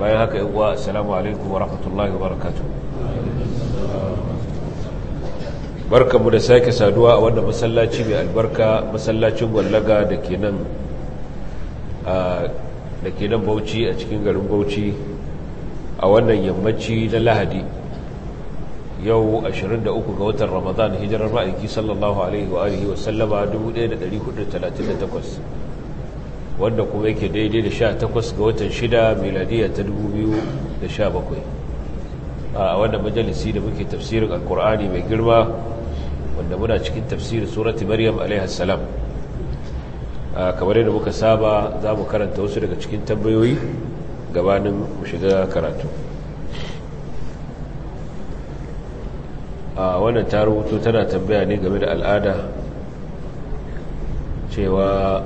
bayan haka yi uwa assalamu alaikum wa rahmatullahi wa barakatu barkanmu da sake saduwa a wanda masallaci mai albarka masallacin wallaga da ke nan bauchi a cikin garin bauchi a wannan yammaci na lahadi yau 23 ga watan ramadan hijirar ma'aiki sallallahu alaihi wa alihi wasallama 1438 wanda kuma yake daidai da sha takwas ga watan shida miladiya ta dubu biyu da sha bakwai a wanda majalisi da muke tafsirin alkur'ani mai girma wanda muna cikin tafsirin surati maryam alaihassalam kamar yadda muka saba za mu karanta wasu daga cikin tambayoyi gabanin mu shiga karatu a wannan ta rubutu tana tambaya ne game da al'ada cewa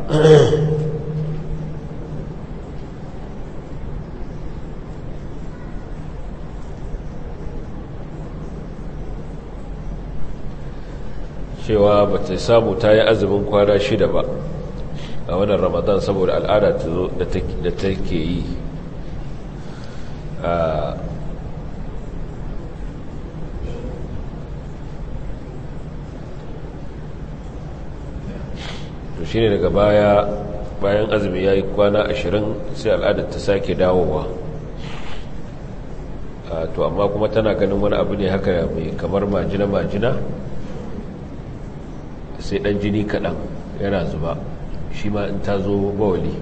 cewa ba ta samu ta yi azumin kwana shida ba a wannan ramadan saboda al'ada da ta ke yi to shi ne daga baya bayan azumi ya yi kwana ashirin sai al'ada ta sake dawowa to amma kuma tana ganin wani abu ne haka mai kamar majina-majina sai dan jini kaɗan yana zuba shi ma in ta zo bawali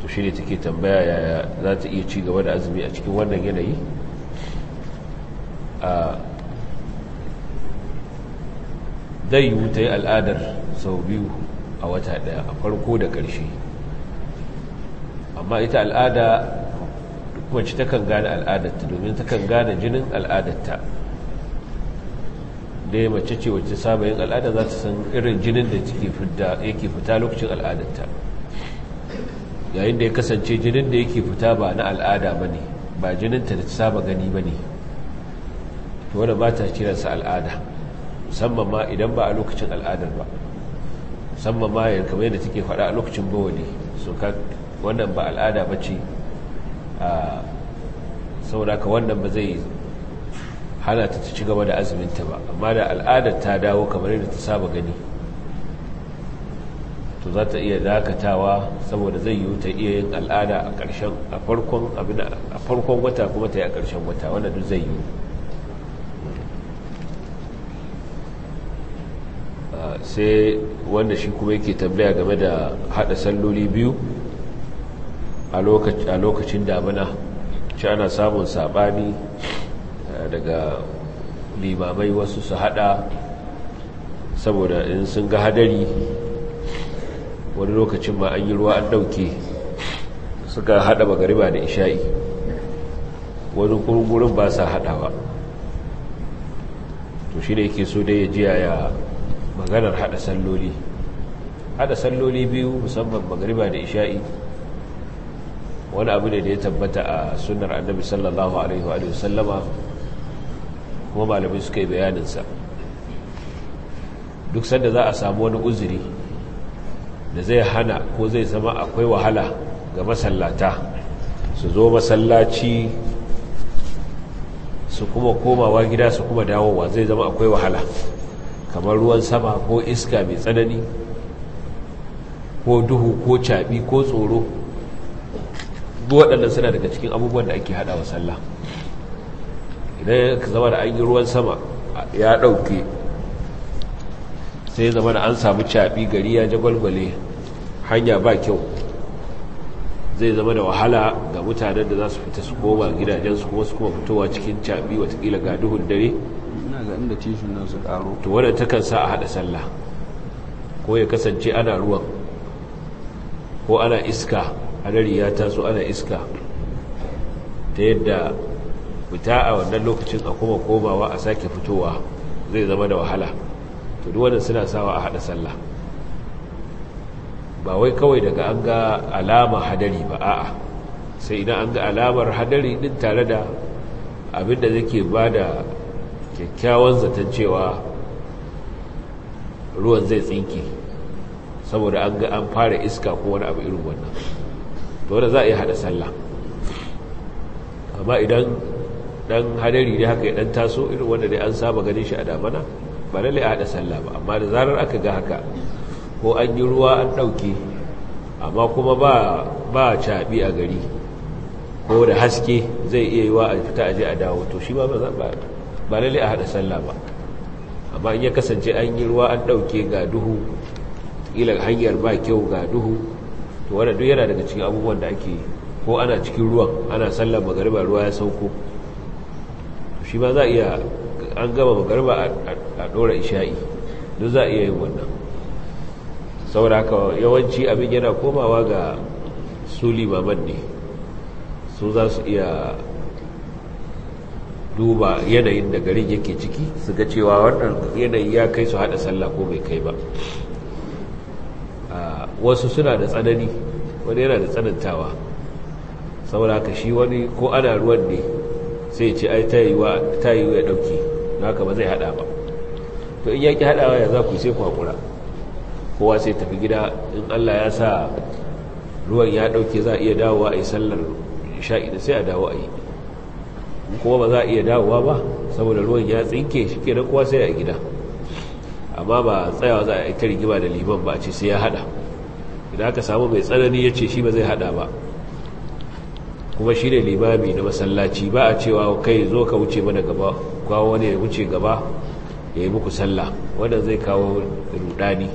to shi ne take tambaya yaya za ta iya ci gaba da azumi a cikin wannan yanayi a zai yiwu ta yi al'adar sau biyu a wata daya a farko da ƙarshe amma ita al'ada kuma ci takan gane al'adarta domin takan gane jinin al'adarta da mace ce wacce saba yin al'ada za ta san irin jinin da yake fita lokacin al'adanta yayin da ya kasance jinin da yake fita ba na al'ada ba ne ba jininta da ta saba gani ba ne to wadda ba ta kiransa al'ada musamman ma idan ba a lokacin al'adar ba musamman ma yin kamar yadda take faɗa a lokacin ne so ka wannan ba al'ada ba ce ah, a ka wannan ba zai hana ta ci gaba da azuminta ba amma da al'ada ta dawo kamar yadda ta saba gani to za ta iya dakatawa saboda zai yiwu ta iya yin al'ada a ƙarshen a farkon wata kuma ta yi a ƙarshen wata wanda duk zai yiwu ah, sai wanda shi kuma yake tambaya game da hada salloli biyu a lokacin damina shi ana samun saɓani daga limamai wasu su hada saboda in sun ga hadari wani lokacin ma an yi ruwa an dauke suka hada magariba da isha'i wani kurgurin ba sa hadawa to shi ne ke so dai ya jiya ya maganar hada salloli hada salloli biyu musamman magariba da isha'i wani abu ne da ya tabbata a sunar annabi sallallahu alaihi wa sallama kuma malamai suka yi bayaninsa duk sanda za a samu wani uzuri da zai hana ko zai zama akwai wahala ga masallata su zo masallaci su kuma komawa gida su kuma dawowa zai zama akwai wahala kamar ruwan sama ko iska mai tsanani ko duhu ko caɓi ko tsoro waɗannan suna daga cikin abubuwan da ake haɗa wa sallah idan ka zama da an yi ruwan sama ya ɗauke sai zama da an samu caɓi gari ya gwalgwale hanya ba kyau zai zama da wahala ga mutanen da za su fita su koma gidajensu kuma su kuma fitowa cikin caɓi watakila ga duhun dare to wadda takan sa a haɗa sallah ko ya kasance ana ruwan ko ana iska a hadari ya taso ana iska ta yadda fita a wannan lokacin a kuma komawa a sake fitowa zai zama da wahala to duk wannan suna sawa a hada sallah ba wai kawai daga an ga alama hadari ba a'a sai idan an ga alamar hadari din tare da abinda zake da kyakkyawan zaton cewa ruwan zai tsinke saboda an ga an fara iska ko wani abu irin wannan to wanda za a yi hada sallah amma idan dan hadari da haka ya dan taso irin wanda dai an saba ganin shi a damana ba lalle a hada sallah ba amma da zarar aka ga haka ko an yi ruwa an dauke amma kuma ba ba a gari ko da haske zai iya yiwa a fita aje a dawo to shi ba ba ba lalle a hada sallah ba amma in ya kasance an yi ruwa an dauke ga duhu ila hanyar ba kyau ga duhu to wannan duk yana daga cikin abubuwan da ake ko ana cikin ruwan ana sallar magariba ruwa ya sauko shi ma za a iya an gama magarba a ɗora isha'i duk za a iya yin wannan saboda haka yawanci abin yana komawa ga su limaman ne su za su iya duba yanayin da garin yake ciki su ga cewa wannan yanayi ya kai su haɗa sallah ko bai kai ba wasu suna da tsanani wani yana da tsanantawa saboda haka shi wani ko ana ruwan ne sai ce ai ta yiwa ta ya dauke na haka ba zai hada ba to in yaki haɗawa ya za ku sai kwakura? hakura kowa sai tafi gida in Allah ya sa ruwan ya dauke za a iya dawowa a yi sallar isha'i sai a dawo a yi kowa ba za a iya dawowa ba saboda ruwan ya tsinke shi ke kowa sai a gida amma ba tsayawa za a yi ta rigima da liman ba ce sai ya hada idan aka samu mai tsanani ya ce shi ba zai haɗa ba kuma shi ne limami na masallaci ba a cewa kai zo ka wuce mana gaba kawo wani ya wuce gaba ya yi muku sallah wanda zai kawo rudani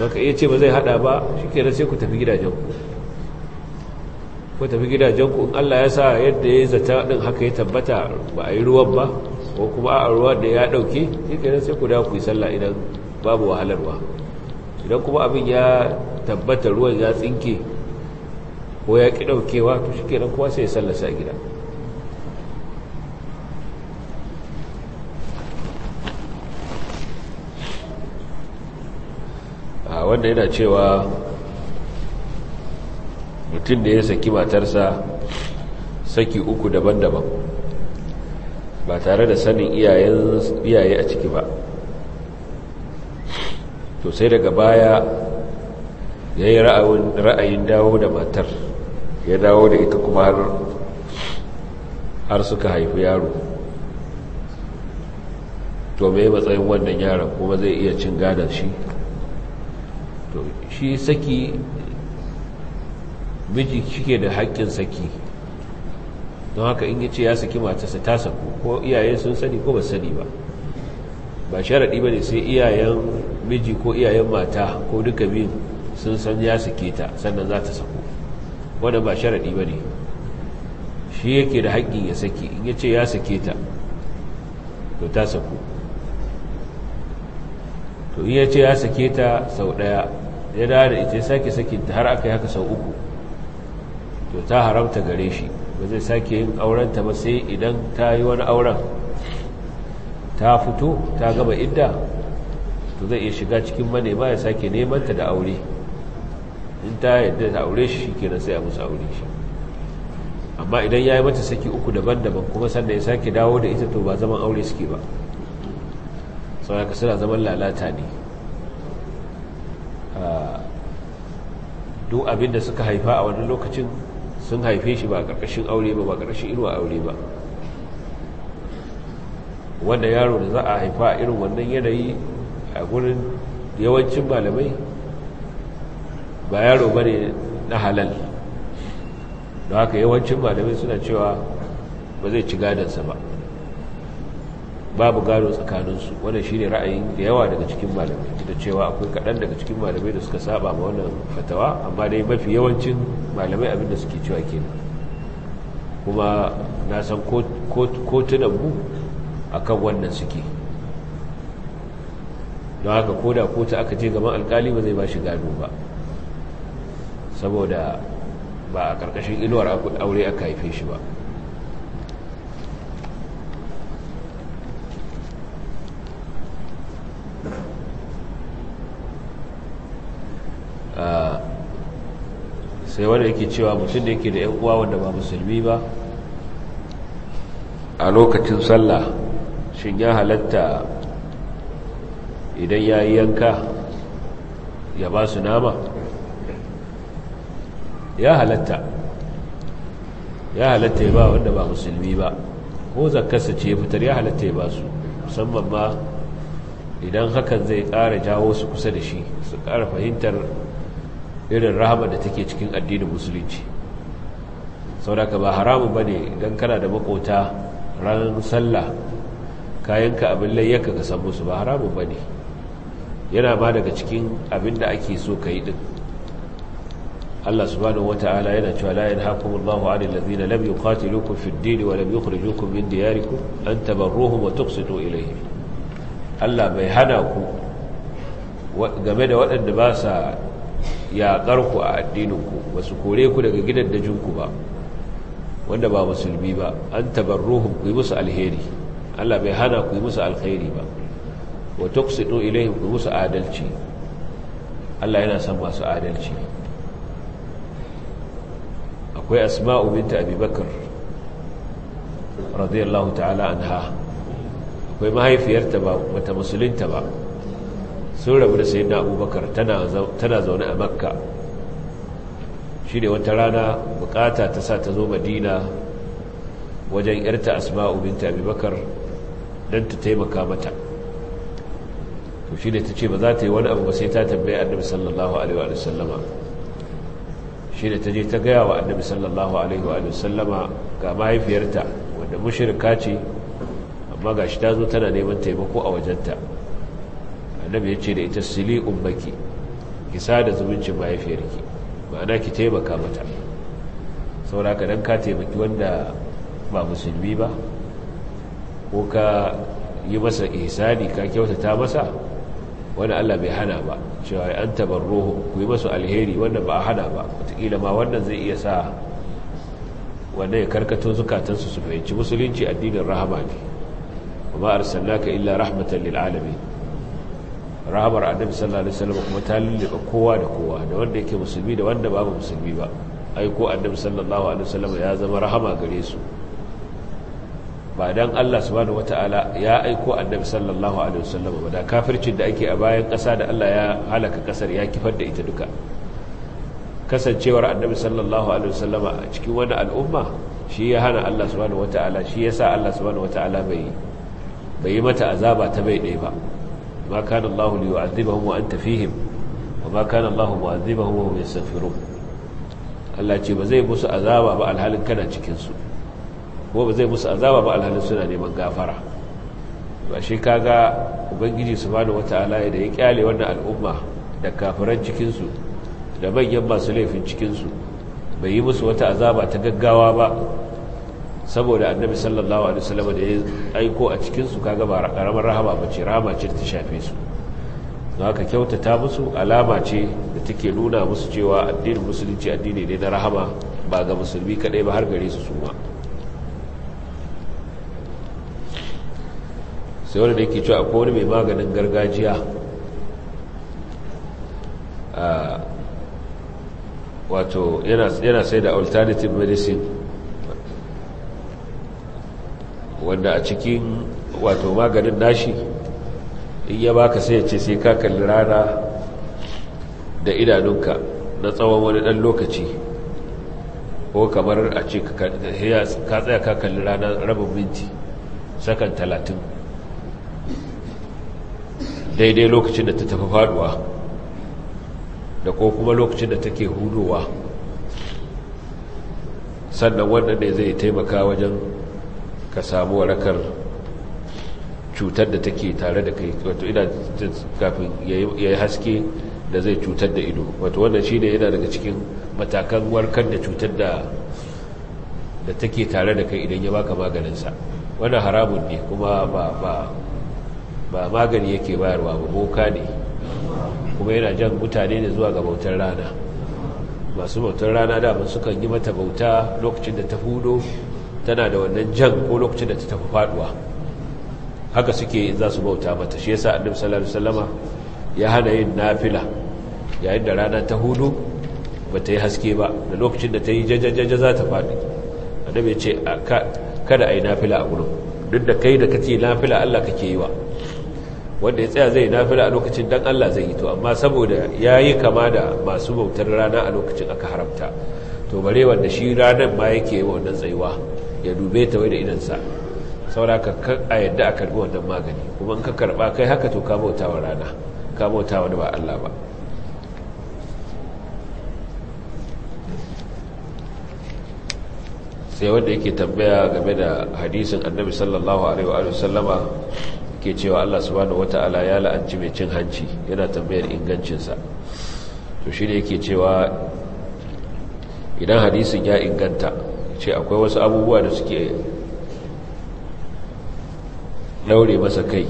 ba ka iya ce ba zai hada ba shi ke sai ku tafi gidajenku ku tafi gidajenku allah ya sa yadda ya yi zata ɗin haka ya tabbata ba a yi ruwan ba ko kuma a ruwan da ya ɗauke shi ke sai ku dawo ku yi sallah idan babu wahalarwa idan kuma abin ya tabbata ruwan ya tsinke ko ya ki daukewa to shikenan kowa sai ya sallasa gida a wanda yana cewa mutum da ya saki matarsa saki uku daban-daban ba tare da sanin iyaye a ciki ba to daga baya ya yi ra'ayin dawo da matar ya dawo da ita kuma har suka haifi yaro to mai matsayin wannan yaron kuma zai iya cin gadon shi to shi saki miji shike da haƙƙin saki don haka in yace ya saki matarsa ta saku ko iyaye sun sani ko ba sani ba ba sharaɗi ba ne sai iyayen miji ko iyayen mata ko duka biyu sun san ya sake ta sannan za ta saku wanda ba sharaɗi ba ne shi yake da haƙƙi ya sake ya ce ya sake ta to ta saku to in ya ce ya sake ta sau ɗaya ya dawo da ita ya sake ta har aka yi haka sau uku to ta haramta gare shi ba zai sake yin aurenta ba sai idan ta yi wani auren ta fito ta gaba idda to zai iya shiga cikin manema ya sake neman ta da aure in ta yadda ta aure shi ke nan sai a musu aure shi amma idan ya yi mata saki uku daban-daban kuma sannan ya sake dawo da ita to ba zaman aure suke ba sau haka suna zaman lalata ne ah, duk abin da suka haifa a wani lokacin sun haife shi ba ƙarƙashin aure ba ba ƙarƙashin inuwa aure ba wanda yaro da za a haifa irin wannan yanayi a gurin yawancin malamai ba yaro ba ne na halal da haka yawancin malamai suna cewa ba zai ci gadansa ba babu gado tsakaninsu wadda shi ne ra'ayin da yawa daga cikin malamai da cewa akwai kaɗan daga cikin malamai da suka saba ma wannan fatawa amma dai mafi yawancin malamai abinda suke cewa kenan kuma na san kotunanmu a kan wannan suke don haka koda kotu aka ce gaban alkali ba zai ba shi gado ba saboda ba a ƙarƙashin inuwar aure aka haife shi ba ah, sai wanda yake cewa mutum da yake da 'yan uwa wanda ba musulmi ba a lokacin sallah shin ya halatta idan ya yi yanka ya ba su nama ya halatta ya halatta ba wanda ba musulmi ba ko zakarsa ce ya fitar ya halatta ya ba su musamman ma idan hakan zai ƙara jawo su kusa da shi su ƙara fahimtar irin rahama da take cikin addinin musulunci sau ka ba haramun ba ne idan kana da makota ranar sallah kayanka abin layyaka ka samu su ba haramun ba ne yana ba daga cikin abin da ake so ka yi ɗin Allah subhanahu wata'ala yana cewa la yanhaqumullahu 'anil ladhina lam yuqatilukum fid din wa lam yukhrijukum min diyarikum an tabarruhum wa tuqsitu ilayhim Allah bai hana ku game da waɗanda ba sa yaƙar ku a addininku ba su kore ku daga gidan dajinku ba wanda ba musulmi ba an tabarruhum ku yi musu alheri Allah bai hana ku yi musu alkhairi ba wa tuqsitu ilayhim ku musu adalci Allah yana son masu adalci akwai asma'u binta abubakar radiyallahu ta'ala anha akwai mahaifiyarta ba mata musulunta ba sun rabu da sayi na abubakar tana zaune a makka shi ne wata rana bukata ta sa ta zo madina wajen yarta asma'u binta abubakar don ta taimaka mata to shi ne ta ce ba za ta yi wani abu ba sai ta tambaye annabi sallallahu alaihi wa sallama shi da ta je ta gaya wa annabi sallallahu alaihi wa sallama ga mahaifiyarta wanda mushirka ce amma ga shi ta zo tana neman taimako a wajenta annabi ya ce da ita sili ummaki ki da zumuncin mahaifiyarki ma'ana ki taimaka mata sauraka dan ka taimaki wanda ba musulmi ba ko ka yi masa ihsani ka kyautata masa wani Allah bai hana ba cewa an tabarruhu ku yi masu alheri wanda ba a hana ba wataƙila ma wannan zai iya sa wannan ya karkato zukatansu su fahimci musulunci addinin rahama ne amma arsalnaka illa rahmatan lil rahamar annabi sallallahu alaihi wasallam kuma ta lullube kowa da kowa da wanda yake musulmi da wanda babu musulmi ba ai ko annabi sallallahu alaihi wasallam ya zama rahama gare su ba dan Allah subhanahu wataala ya aiko annabi sallallahu alaihi wasallam ba da kafircin da ake a bayan ƙasa da Allah ya halaka ƙasar ya kifar da ita duka kasancewar annabi sallallahu alaihi wasallama a cikin wani al'umma shi ya hana Allah subhanahu wataala shi ya yasa Allah subhanahu wataala bai bai mata azaba ta bai ɗaya ba ma kana Allah li yu'adhibahum wa anta fihim wa ma kana Allah mu'adhibahum wa hum yastaghfirun Allah ce ba zai musu azaba ba alhalin kana cikin su kuma ba zai musu azaba ba alhalin suna neman gafara ba shi kaga ubangiji su wata alaye da ya kyale wannan al'umma da kafiran cikinsu da manyan masu laifin cikinsu bai yi musu wata azaba ta gaggawa ba saboda annabi sallallahu alaihi wasallam da ya aiko a cikinsu kaga ba karamar rahama ba ce rahama ce ta shafe su don haka kyautata musu alama ce da take nuna musu cewa addinin musulunci addini ne na rahama ba ga musulmi kadai ba har gare su suma. ma sai wanda yake cewa ko wani mai maganin gargajiya wato yana sai da alternative medicine wanda a cikin wato maganin nashi in ya baka sai ya ce sai ka kalli rana da idanunka na tsawon wani dan lokaci ko kamar a ce ka tsaya ka kalli rana rabin minti sakan talatin daidai lokacin da ta tafi faduwa da ko kuma lokacin da take hudowa sannan wannan ne zai taimaka wajen ka samu warakar cutar da take tare da kai wato ina kafin ya yi haske da zai cutar da ido wato wannan shi ne yana daga cikin matakan warkar da cutar da da take tare da kai idan ya baka maganinsa wannan haramun ne kuma ba ba magani yake bayarwa ba boka ne kuma yana jan mutane ne zuwa ga bautar rana masu bautar rana da daman kan yi mata bauta lokacin da ta hudo tana da wannan jan ko lokacin da ta tafi faduwa haka suke za su bauta mata shi yasa annabi sallallahu alaihi ya hana yin nafila yayin da rana ta hudu ba ta yi haske ba da lokacin da ta yi jajajaja za ta faɗi annabi ya ce kada a yi nafila a gurin duk da kai da ka kace nafila Allah kake yi wa wanda ya tsaya zai nafi a lokacin dan Allah zai yi to amma saboda ya yi kama da masu bautar rana a lokacin aka haramta to bare wanda shi ranar ma yake wannan tsayuwa ya dube ta wai da idansa saboda a yadda a karbi wannan magani kuma in ka karba kai haka to ka bauta wa rana ka bauta wani ba Allah ba sai wanda yake tambaya game da hadisin annabi sallallahu alaihi wa sallama ke cewa Allah subhanahu wata'ala ya la'anci mai cin hanci yana tambayar ingancinsa to shi ne yake cewa idan hadisin ya inganta ce akwai wasu abubuwa da suke daure masa kai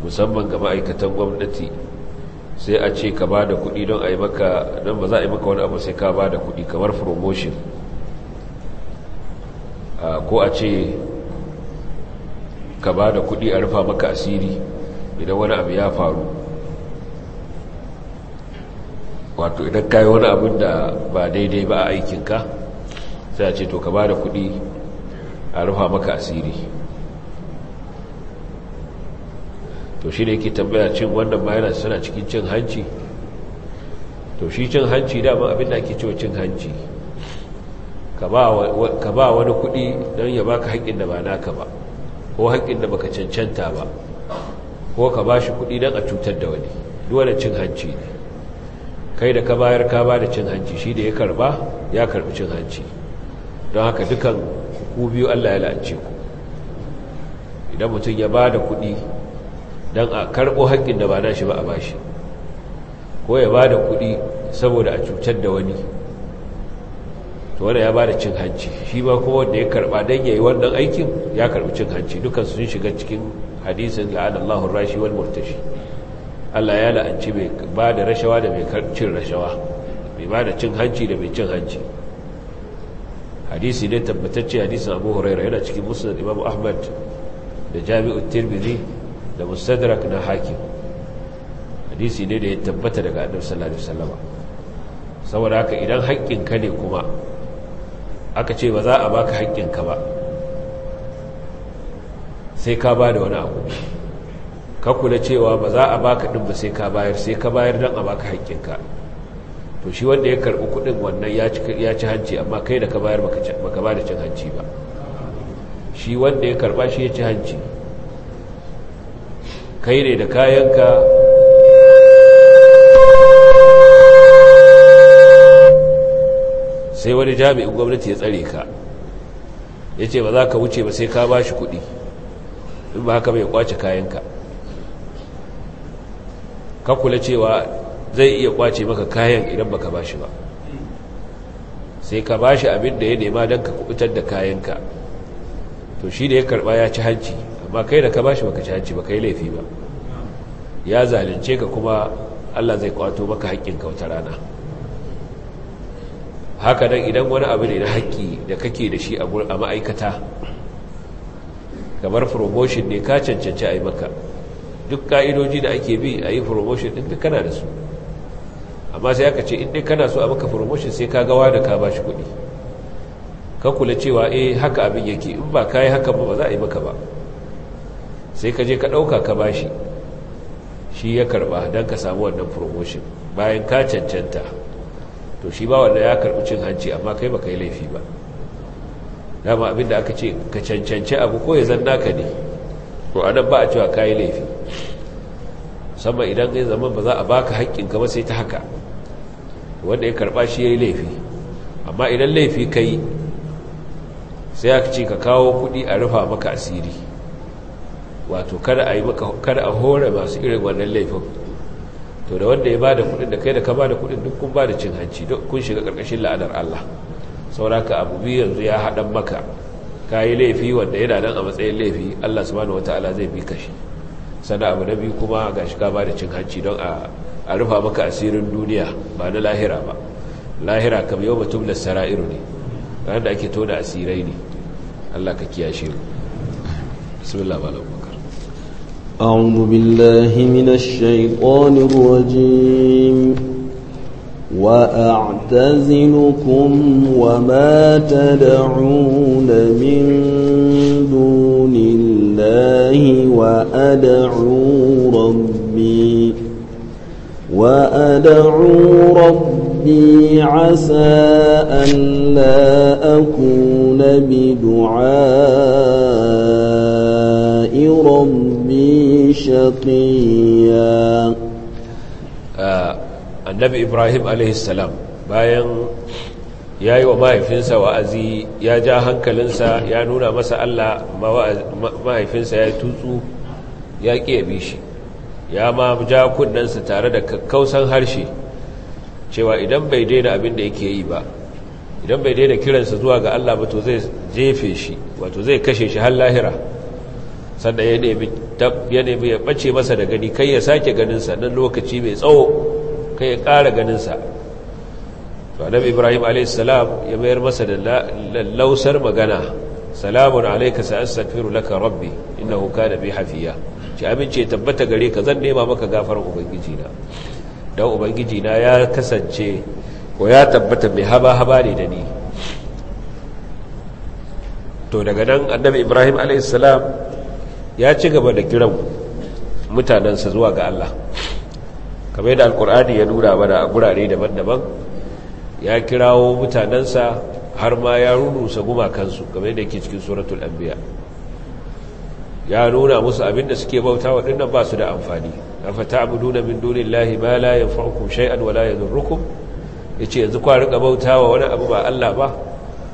musamman ga ma'aikatan gwamnati sai a ce ka ba da kuɗi don a yi maka don ba za a yi maka wani abu sai ka ba da kuɗi kamar promotion ko a ce ka ba da kuɗi a rufa maka asiri idan wani abu ya faru wato idan ka yi wani abin da ba daidai ba a aikinka sai a ce to ka ba da kuɗi a rufa maka asiri to shi ne ke tambaya cin wannan ma yana suna cikin cin hanci to shi cin hanci dama abin da ake cewa cin hanci ka ba wani kuɗi don ya baka haƙƙin da ba naka ba ko haƙƙin da baka cancanta ba ko ka ba shi kuɗi don a cutar da wani dole cin hanci ne kai da ka bayar ka ba da cin hanci shi da ya karba ya karbi cin hanci don haka dukan ku biyu Allah ya la'ance ku idan mutum ya ba da kuɗi don a karɓo haƙƙin da ba na shi ba a ba shi. ko ya ba da kuɗi saboda a cutar da wani to wanda ya ba da cin hanci shi ba kuma wanda ya karba don yayi wannan aikin ya karbi cin hanci dukkan sun shiga cikin hadisin allahun rashi wani murtashi Allah ya la'anci mai ba da rashawa da mai cin rashawa mai ba da cin hanci da mai cin hanci hadisi ne tabbatacce hadisun abu huraira yana cikin musulun imam ahmad da jami'ut tirmidhi da mustadrak na hakim hadisi ne da ya tabbata daga annabi sallallahu alaihi wasallam saboda haka idan haƙƙinka ne kuma aka ce ba za a baka haƙƙinka ba sai ka ba da wani abu ka kula cewa ba za a baka ɗin ba sai ka bayar sai ka bayar don a baka haƙƙinka to shi wanda ya karɓi kuɗin wannan ya ci hanci amma kai da ka bayar baka ba da cin hanci ba shi wanda ya karɓa shi ya ci hanci kai ne da kayanka sai wani jami'in gwamnati ya tsare ka ya ce ba za ka wuce ba sai ka ba shi kuɗi in ba haka mai kwace kayanka ka kula cewa zai iya kwace maka kayan idan baka ba shi ba sai ka ba shi abin da ya nema don ka kubutar da kayanka to shi da ya karba ya ci hanci amma kai da ka ba shi baka ci hanci ba yi laifi ba ya zalunce ka kuma allah zai kwato maka haƙƙinka wata rana haka nan idan wani abu ne na haƙƙi da kake da shi a ma'aikata kamar promotion ne ka cancanci a yi maka duk ƙa'idoji da ake bi a yi promotion ɗin duk kana da su amma sai aka ce inda kana so a maka promotion sai ka gawa da ka ba shi kuɗi ka kula cewa eh haka abin yake in ba ka yi haka ba ba za a yi maka ba sai ka je ka ɗauka ka ba shi shi ya karɓa don ka samu wannan promotion bayan ka cancanta to shi ba wanda ya karɓi cin hanci amma kai ba kai laifi ba dama abinda aka ce ka cancanci abu ko ya zanna naka ne ko anan ba a cewa ka yi laifi sama idan ya zama ba za a baka ka ba sai ta haka wanda ya karɓa shi ya yi laifi amma idan laifi ka yi sai aka ce ka kawo kuɗi a rufa maka asiri wato kada a hore masu irin wannan laifin to da wanda ya ba da kuɗin da kai da ka ba da kuɗin duk kun ba da cin hanci duk kun shiga karkashin la'anar Allah sauraka abu biyu yanzu ya haɗa maka ka yi laifi wanda yana nan a matsayin laifi Allah subhanahu wataala zai bi ka shi sannan abu na biyu kuma gashi ka da cin hanci don a a rufa maka asirin duniya ba na lahira ba lahira kam yau mutum da sara'iru ne ranar da ake tona asirai ne Allah ka kiyashe mu bismillah أعوذ بالله من الشيطان الرجيم وأعتزلكم وما تدعون من دون الله وأدعو ربي وأدعو ربي عسى أن لا أكون بدعائي ربي شقيا annabi ibrahim alaihissalam bayan ya yi wa mahaifinsa wa'azi ya ja hankalinsa ya nuna masa allah mahaifinsa ya tutsu ya bi shi ya ma ja kunnensa tare da kakkausan harshe cewa idan bai daina abin da yake yi ba idan bai daina kiransa zuwa ga allah ba to zai jefe shi wato zai kashe shi har lahira sannan ya nemi ya nemi bace masa da gani kai ya sake ganinsa nan lokaci mai tsawo kai ya ƙara ganinsa to annabi ibrahim a.s. ya mayar masa da lausar magana salamun alaika sa'astaghfiru laka rabbi innahu kana bi hafiya ci amince tabbata gare ka zan nema maka gafar ubangiji na dan ubangiji na ya kasance ko ya tabbata mai haba haba ne da ni to daga nan annabi ibrahim alaihissalam ya ci gaba da kiran mutanensa zuwa ga Allah kamar yadda alkur'ani ya nuna mana a gurare daban-daban ya kirawo mutanensa har ma ya runusa gumakansu kamar yadda ke cikin suratul anbiya ya nuna musu abinda suke bauta waɗannan ba su da amfani afa ta'buduna min dunillahi ma la yanfa'ukum shay'an wa la yadhurrukum yace yanzu kwa rika bautawa wani abu ba Allah ba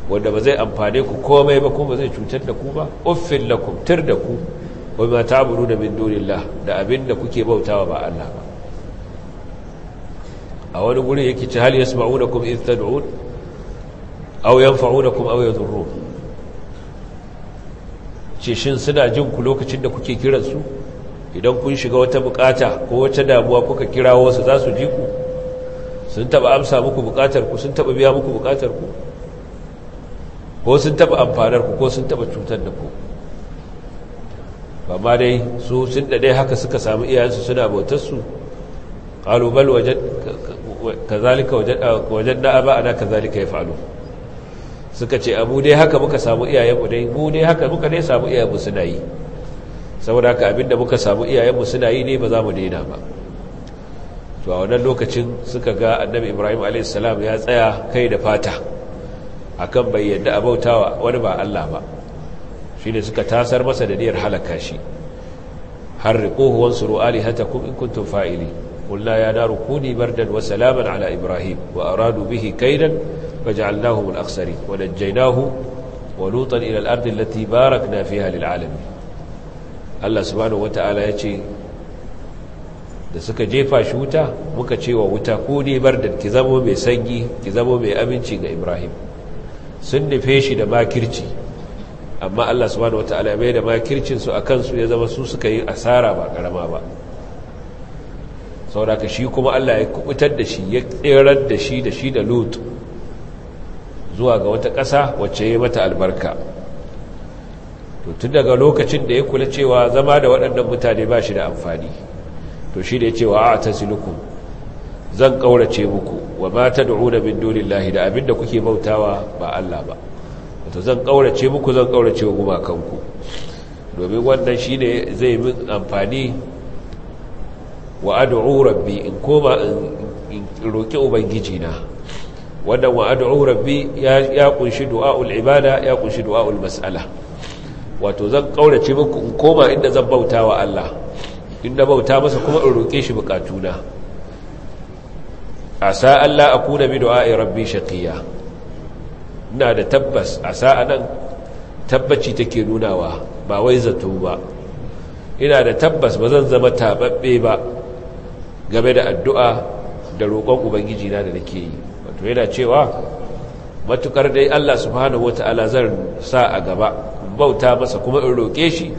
wanda ba zai amfane ku komai ba kuma zai cutar da ku ba uffil lakum tir da ku wa ma ta'budu min dunillah da abinda kuke bautawa ba Allah ba a wani guri yake ci hal yasma'unakum idh tad'un aw yanfa'unakum aw yadhurrun ce shin suna jin ku lokacin da kuke kiran su idan kun shiga wata bukata ko wata damuwa kuka kirawo su za su ji ku sun taba amsa muku bukatar ku sun taba biya muku bukatar ku ko sun taba amfanar ku ko sun taba cutar da ku amma dai su sun da dai haka suka samu iyayensu suna bautarsu ƙalubal kazalika wajen da ba ana kazalika ya falu suka ce abu dai haka muka samu iyayenmu dai mu dai haka muka dai samu iyayenmu suna yi saboda haka abinda muka samu iyayenmu suna yi ne ba za mu daina ba to a wannan lokacin suka ga annabi ibrahim a.s. ya tsaya kai da fata akan bai abautawa wani ba allah ba shi ne suka tasar masa da niyyar halaka shi harriquhu wansuru alihatakum in kuntum fa'ili qulna ya daru kuni bardan wa salaman ala ibrahim wa aradu bihi kaidan faj'alnahu al-akhsari wa najjaynahu wa lutan ilal al barak allati barakna fiha lil alamin Allah subhanahu wata'ala ce da suka jefa shi wuta muka ce wa wuta kuni ne bardan ki zamo mai sanyi ki zamo mai aminci ga ibrahim sun nufe shi da makirci amma Allah su subhanahu wata'ala mai da makircin su a su ya zama su suka yi asara ba karama ba saboda shi kuma Allah ya kubutar da shi ya tserar da shi da shi da Lut zuwa ga wata ƙasa wacce ya mata albarka to tun daga lokacin da ya kula cewa zama da waɗannan mutane ba shi da amfani to shi da ya cewa a ta siluku zan ƙaurace muku wa ba ta da min lahi, da abinda kuke bautawa ba Allah ba wato zan ƙaurace muku zan ƙaurace wa gumakanku domin wannan shi ne zai min amfani wa adu'u rabbi in koma in roƙi ubangiji na. wannan wa adu'u rabbi ya kunshi du'a'ul ibada ya kunshi du'a'ul mas'ala wato zan ƙaurace muku in koma inda zan bauta wa Allah inda bauta masa kuma in roƙe shi bukatuna asa Allah akuna bi du'a'i rabbi shaqiya na da tabbas a sa'a nan tabbaci take nunawa ba wai zato ba ina da tabbas ba zan zama tababbe ba game da addu'a da roƙon ubangiji na da nake yi wato yana cewa matukar dai Allah subhanahu wata'ala zan sa a gaba bauta masa kuma in roƙe shi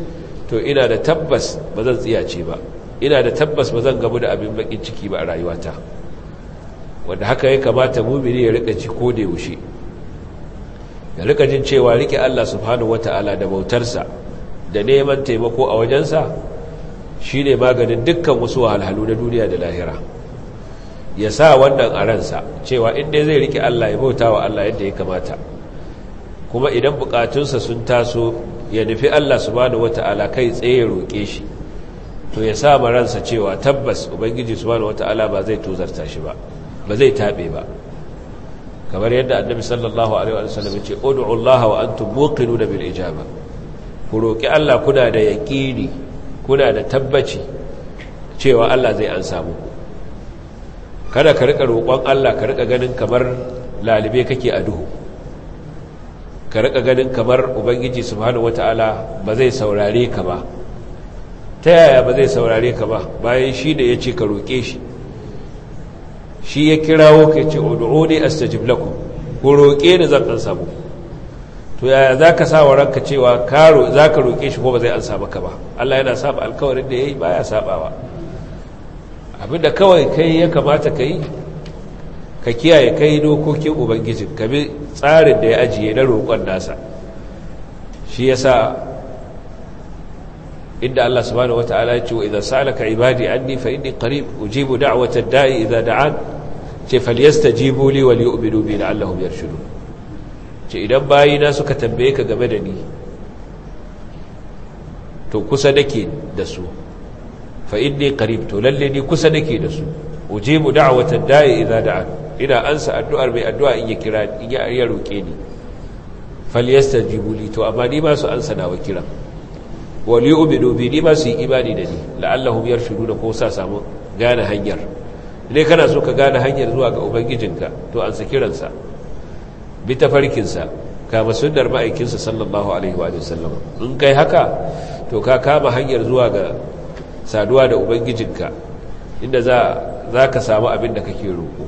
to ina da tabbas ba zan tsiyace ba ina da tabbas ba zan gabu da abin bakin ciki ba a rayuwata wanda haka ya kamata mumini ya riƙa ci ko da yaushe da rika jin cewa rike Allah subhanahu wata'ala da bautarsa da neman taimako a wajensa shi ne maganin dukkan wasu wahalhalu na duniya da lahira ya sa wannan a ransa cewa inda zai rike Allah ya bauta wa Allah yadda ya kamata kuma idan bukatunsa sun taso ya nufi Allah subhanahu wata'ala kai tsaye roƙe shi to ya sa ma ransa cewa tabbas ubangiji subhanahu wata'ala ba zai tozarta shi ba ba zai taɓe ba kamar yadda annabi sallallahu alaihi wa sallam ya ce ud'u Allah wa antum muqinuna bil ijaba ku roki Allah kuna da yaqini kuna da tabbaci cewa Allah zai ansa muku kada ka rika roƙon Allah ka rika ganin kamar lalibe kake a duhu ka rika ganin kamar ubangiji subhanahu wataala ba zai saurare ka ba ta yaya ba zai saurare ka ba bayan shi da ya ce ka roƙe shi shi ya kirawo ka ce ud'uni astajib lakum ku roƙe ni zan ansa muku to yaya zaka sa wa ranka cewa ka zaka roƙe shi ko ba zai ansa maka ba Allah yana saba alƙawarin da yayi baya sabawa abinda kawai kai ya kamata kai ka kiyaye kai dokokin ubangiji ka bi tsarin da ya ajiye na roƙon nasa shi yasa inda Allah subhanahu wataala ya ce wa salaka sa'alaka ibadi anni fa inni qarib ujibu da'wata da'i idza da'an ce falyastajibu li wa liyu'minu bi la'allahum yarshudun ce idan bayina suka tambaye ka game da ni to kusa nake da su fa inni qarib to lalle ni kusa nake da su ujibu da'watad da'i idza da'a ina ansa addu'ar mai addu'a in ya kira in ya roke ni falyastajibu jibuli to amma ni ba su ansa nawa kiran wa liyu'minu bi ni ba su yi imani da ni la'allahum yarshudun ko sa samu gane hanyar ne kana so ka gane hanyar zuwa ga ubangijinka to an saki ransa bi ta tafarkinsa kama sunnar ma'aikinsa sallallahu alaihi wa sallam in kai haka to ka kama hanyar zuwa ga saduwa da ubangijinka inda za ka samu abin da kake roƙo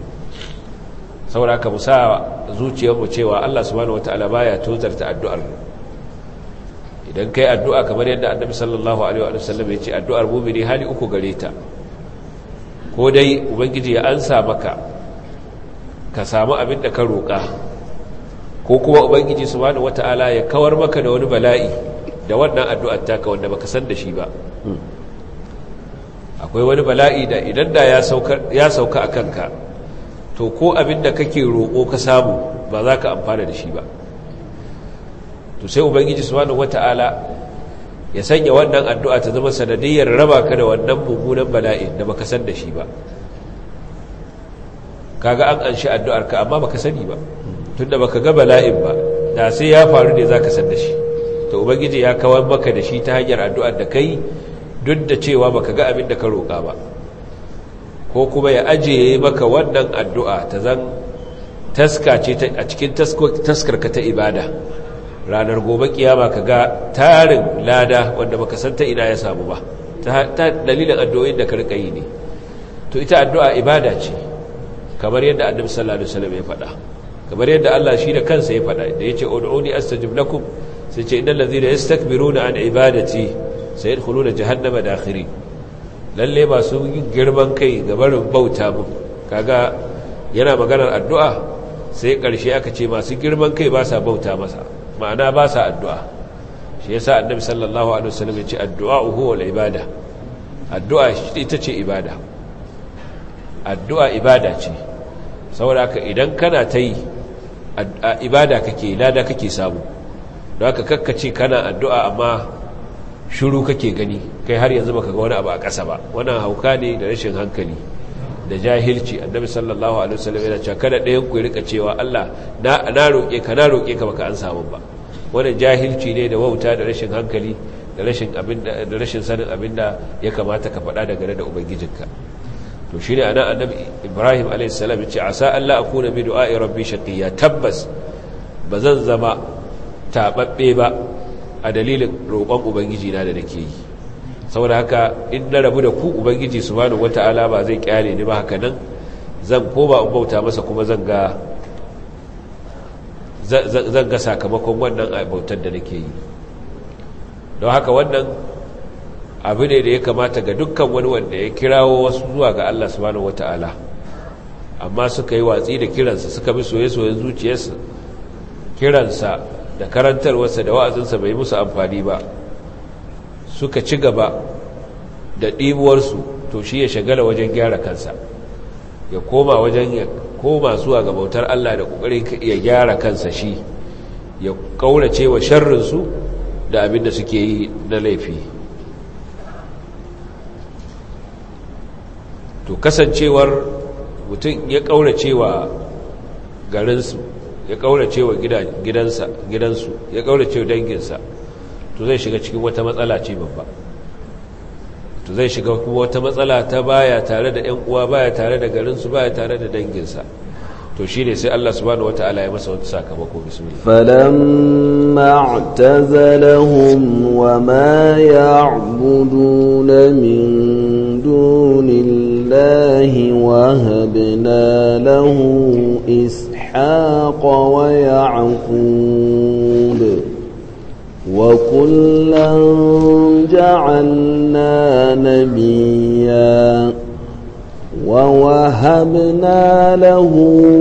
saboda ka musa zuciyarmu cewa Allah subhanahu wataala baya tozarta addu'ar idan kai addu'a kamar yadda annabi sallallahu alaihi wa sallam ya ce addu'ar mu'mini hali uku gare ta ko dai ubangiji ya ansa maka ka samu abin da ka roƙa ko kuma ubangiji subhanahu wata'ala ya kawar maka da wani bala'i da wannan addu'ar taka wanda baka san da shi ba akwai wani bala'i da idan da ya sauka a kanka to ko abin da kake roƙo ka samu ba za ka amfana da shi ba to sai ubangiji subhanahu wata'ala ya sanya wannan addu'a ta zama sanadiyyar raba ka da wannan mummunan bala'in da baka san da shi ba kaga an anshi addu'ar ka amma baka sani ba tunda baka ga bala'in ba da sai ya faru ne zaka san da shi to ubangiji ya kawar maka da shi ta hanyar addu'ar da kai duk da cewa baka ga abin da ka roƙa ba ko kuma ya ajiye maka wannan addu'a ta zan taska ce a cikin taskarka ta ibada ranar gobe kiyama ka ga tarin lada wanda baka san ta ina ya samu ba ta dalilin addu'o'in da ka rika yi ne to ita addu'a ibada ce kamar yadda annabi sallallahu alaihi wasallam ya faɗa kamar yadda Allah shi da kansa ya faɗa da yace ud'uni astajib lakum sai ce innal ladhina yastakbiruna an ibadati sayadkhuluna jahannama dakhirin lalle masu girman kai gabarin bauta mu kaga yana maganar addu'a sai karshe aka ce masu girman kai ba sa bauta masa ma'ana ba sa addu'a shi sa annabi sallallahu alaihi wasallam ya ce addu'a uhu wa ibada addu'a ita ce ibada addu'a ibada ce saboda idan kana ta yi ibada kake lada kake samu don haka kakkace kana addu'a amma shuru kake gani kai har yanzu baka ga wani abu a ƙasa ba wannan hauka ne da rashin hankali da jahilci annabi sallallahu alaihi wasallam yana cewa kada ɗayan ku rika cewa Allah na na roƙe ka na roƙe ka baka an samu ba wannan jahilci ne da wauta da rashin hankali da rashin abin da rashin sanin abin da ya kamata ka faɗa daga da ubangijinka to shine anan annabi Ibrahim alaihi salam ya ce asa Allah akuna bi du'a'i rabbi shaqiya tabbas bazan zama tababbe ba a dalilin roƙon ubangiji na da nake yi saboda haka in na rabu da ku ubangiji da wata ba zai kyale ni ba haka nan zan koma in bauta masa kuma zan ga sakamakon wannan bautar da nake yi don haka wannan abu ne da ya kamata ga dukkan wani wanda ya kirawo wasu zuwa ga Allah wata ala amma suka yi watsi da kiransa suka bi soye-soyen zuciyarsa kiransa da karantarwarsa da wa'azinsa bai musu amfani ba suka ci gaba da ɗibuwarsu to shi ya shagala wajen gyara kansa ya koma wajen ya koma zuwa ga bautar Allah da ƙoƙari ya gyara kansa shi ya ƙaunace wa sharrinsu da abin da suke yi na laifi to kasancewar mutum ya ƙaunace wa garinsu ya ƙaunace wa gidansu ya ƙaunace wa danginsa to zai shiga cikin wata matsala ce babba to zai shiga kuma wata matsala ta baya tare da ƴan uwa baya tare da garinsu baya tare da danginsa to shi ne sai Allah subhanahu wata'ala ya masa wata sakamako bismillah falamma a'tazalahum wa ma ya'buduna min dunillahi wa habna lahu ishaqa wa ya'qub وكلا جعلنا نبيا ووهبنا له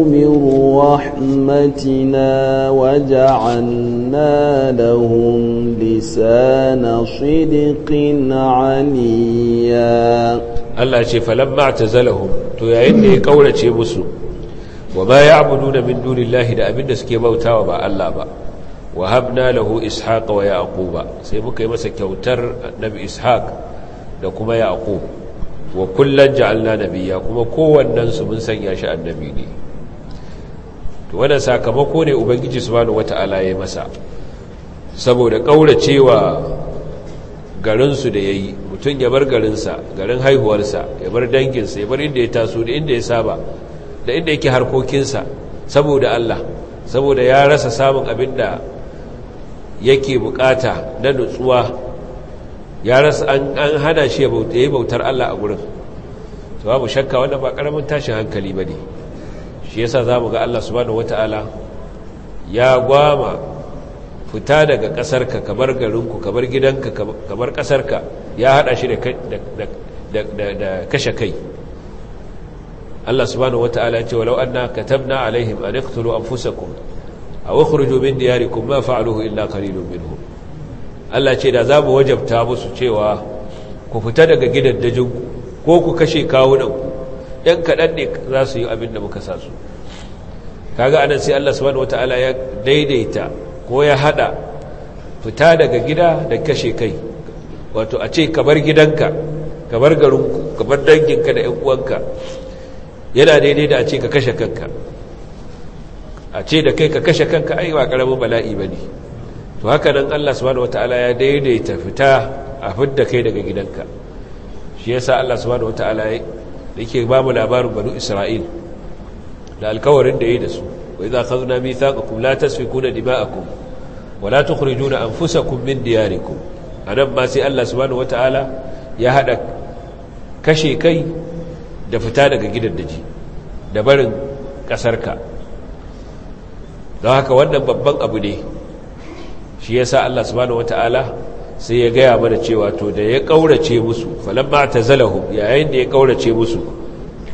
من رحمتنا وجعلنا لهم لسان صدق عليا الله ce falamma tazalahum to yayin da ya kaurace musu wa ma ya'buduna min dunillahi da abinda suke bautawa ba Allah ba wa na lahu ishaq wa yaquba sai muka yi masa kyautar nabi ishaq da kuma yaqub wa kullan ja'alna nabiyya kuma kowannen su mun sanya shi annabi ne to wannan sakamako ne ubangiji subhanahu wata'ala ya masa saboda kauracewa garin su da yayi mutun ya bar garin sa garin haihuwarsa ya bar dangin sa ya bar inda ya taso da inda ya saba da inda yake harkokin sa saboda Allah saboda ya rasa samun abinda yake bukata na nutsuwa ya rasa an hana shi ya yi bautar Allah a gurin to babu shakka wannan ba karamin tashin hankali ba ne shi yasa za mu ga Allah subhanahu wata'ala ya gwama fita daga ƙasarka kamar garinku kamar gidanka kamar ƙasarka ya haɗa shi da kashe kai Allah subhanahu ya ce walau anna katabna alaihim an iqtulu anfusakum a ukhruju min diyarikum ma fa'aluhu illa qalilun minhum Allah ce da za mu wajabta musu cewa ku fita daga gidan gidaddajin ko ku kashe kawunanku, ku kaɗan ne za su yi abin da muka sa su kaga anan sai Allah subhanahu wataala ya daidaita ko ya haɗa fita daga gida da kashe kai wato a ce kamar gidanka kamar garinku kamar danginka da ƴan uwanka yana daidai da a ce ka kashe kanka a ce da kai ka kashe kanka ai ba karamin bala'i bane to haka nan Allah subhanahu wataala ya daidaita fita a fidda kai daga gidanka shi yasa Allah subhanahu wataala yake ba mu labarin banu Isra'il da alƙawarin da yi da su wa idza khadna mithaqakum la tasfikuna dima'akum wa la tukhrijuna anfusakum min diyarikum anan ma sai Allah subhanahu wataala ya hada kashe kai da fita daga gidan daji da barin kasarka don haka wannan babban abu ne shi yasa Allah subhanahu wata'ala sai ya gaya mana cewa to da ya ƙaurace musu falamma tazalahum yayin da ya kaurace musu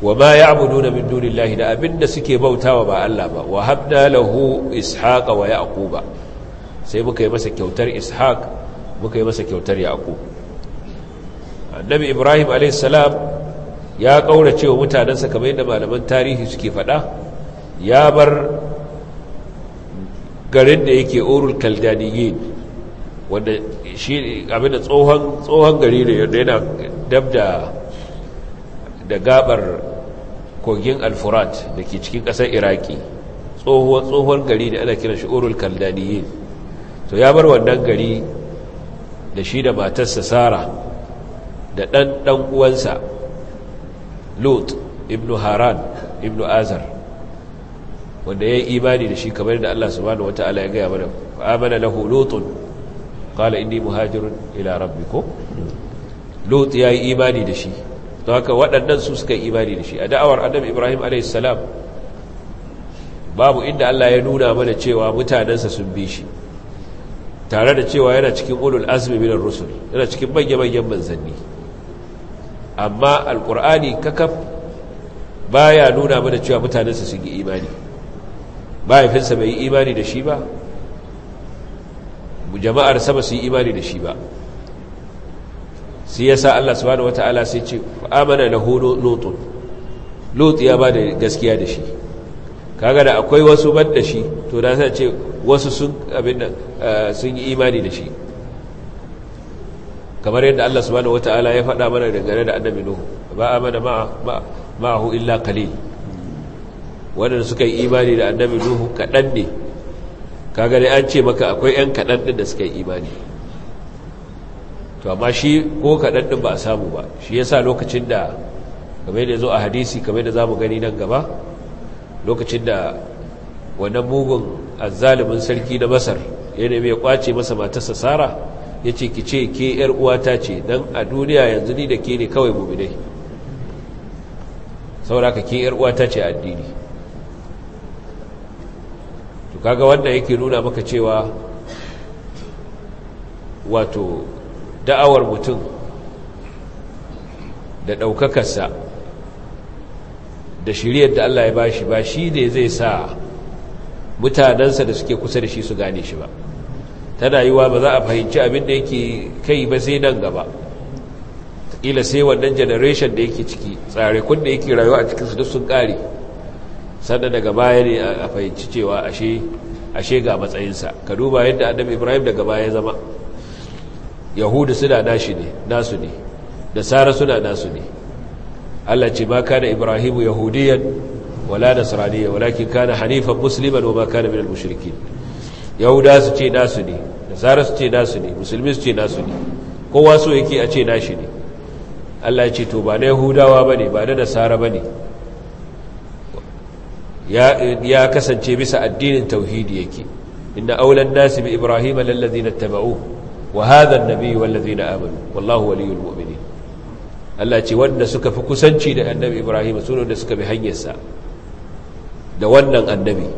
wa ma nuna min dunillahi da abinda suke bautawa ba Allah ba wa habna lahu ishaqa wa yaquba sai muka yi masa kyautar ishaq muka yi masa kyautar yaqub annabi ibrahim alayhi salam ya ƙaurace wa mutanansa kamar yadda malaman tarihi suke faɗa ya bar garin da yake orul kaldaniyin wanda shi abin da tsohon gari ne yadda yana dab da gabar kogin alfurat da ke cikin ƙasar iraki tsohon gari da ana kiran shi orul kaldaniyin to ya bar wannan gari da shi da matarsa sara da ɗan ɗan uwansa lot ibn haran ibn azar wanda ya yi imani da shi kamar da Allah subhanahu wata'ala ya gaya mana amana lahu lutun qala inni muhajirun ila rabbikum lut ya yi imani da shi to haka waɗannan su suka yi imani da shi a da'awar adam ibrahim a.s. babu inda Allah ya nuna mana cewa mutanansa sun bi shi tare da cewa yana cikin ulul azmi minar rusul yana cikin manya-manyan manzanni amma alkur'ani kakaf baya nuna mana cewa mutanensa sun yi imani mahaifinsa bai yi imani da shi ba jama'ar sama su yi imani da shi ba sai ya sa Allah subhanahu wata'ala sai ce amana na hono lotun lot ya ba da gaskiya da shi kaga da akwai wasu ban da shi to da sai ce wasu eh, sun yi imani da shi kamar yadda Allah subhanahu ta'ala ya faɗa mana dangane da annabi nuhu ba amana ma'ahu illa qalil waɗanda suka yi imani da annabi nuhu kaɗan ne ka gani an ce maka akwai 'yan kaɗan ɗin da suka yi imani to amma shi ko kaɗan ɗin ba a samu ba shi ya sa lokacin da kamar da zo a hadisi kamar da za mu gani nan gaba lokacin da wannan mugun azzalumin sarki na masar ya nemi ya kwace masa matarsa sara ya ce ki ce ke ‘yar uwata ce don a duniya yanzu ni da ke ne kawai muminai sauraka ke ‘yar uwata ce addini to kaga wanda yake nuna maka cewa wato da'awar mutum da ɗaukakarsa da shiriyar da Allah ya bashi ba shi ne zai sa mutanensa da suke kusa da shi su gane shi ba tana yiwa ba za a fahimci abin da yake kai ba sai nan gaba ƙila sai wannan generation da yake ciki tsare kunda da yake rayuwa a cikinsu duk sun ƙare sannan daga baya ne a fahimci cewa ashe ga matsayinsa ka duba yadda adam ibrahim daga baya zama yahudu suna nashi ne nasu ne da sara suna nasu ne allah ce ma da ibrahimu yahudiyan wala nasraniya walakin da hanifan Musulman wa ma da minal mushrikin yahuda su ce nasu ne da sara su ce nasu ne musulmi su ce nasu ne kowa so yake a ce nashi ne allah ce to ba na yahudawa ba ne ba na nasara ba ne ya kasance bisa addinin tauhidi yake inna aulan nasi bi ibrahima lallazina tabau wa hadha an-nabiy wallazina amanu wallahu waliyul mu'minin Allah ce wanda suka fi kusanci da annabi ibrahim sune da suka bi hanyarsa da wannan annabi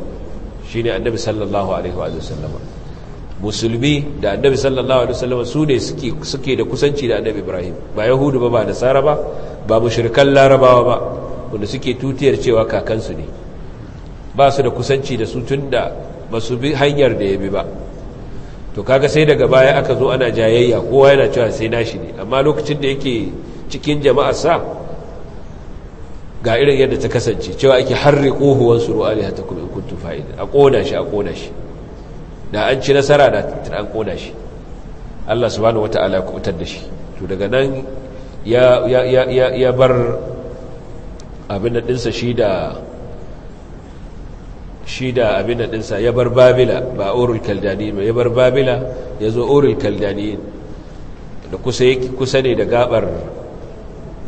shine annabi sallallahu alaihi wa sallama musulmi da annabi sallallahu alaihi wasallam su ne suke suke da kusanci da annabi ibrahim ba yahudu ba ba nasara ba ba mushrikan larabawa ba wanda suke tutiyar cewa kakansu ne ba su da kusanci da su tun da ba su bi hanyar da ya bi ba to kaga sai daga baya aka zo ana jayayya kowa yana cewa sai nashi ne amma lokacin da yake cikin jama'a sa ga irin yadda ta kasance cewa ake harri kohuwan su ru'ali hatta kuma in kuntum a kona shi a kona shi da an ci nasara da an kona shi Allah bani wataala ya kubutar da shi to daga nan ya bar abin da ɗinsa shi da shi da abin da ɗinsa ya bar babila ba orul kaldani mai ya bar babila ya zo orul kaldani da kusa ne da gabar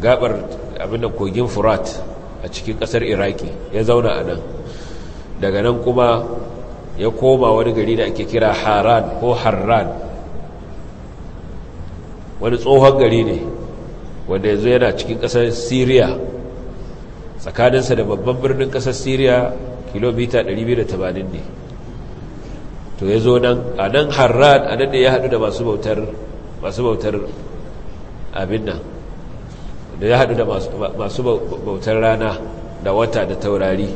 gabar abin da kogin furat a cikin ƙasar iraki ya zauna a nan daga nan kuma ya koma wani gari da ake kira haran ko harran wani tsohon gari ne wanda yanzu yana cikin ƙasar syria tsakaninsa da babban birnin ƙasar syria kilomita 280 ne to ya zo nan a nan harrad a nan ne ya haɗu da masu bautar masu bautar abin nan da ya haɗu da masu bautar rana da wata da taurari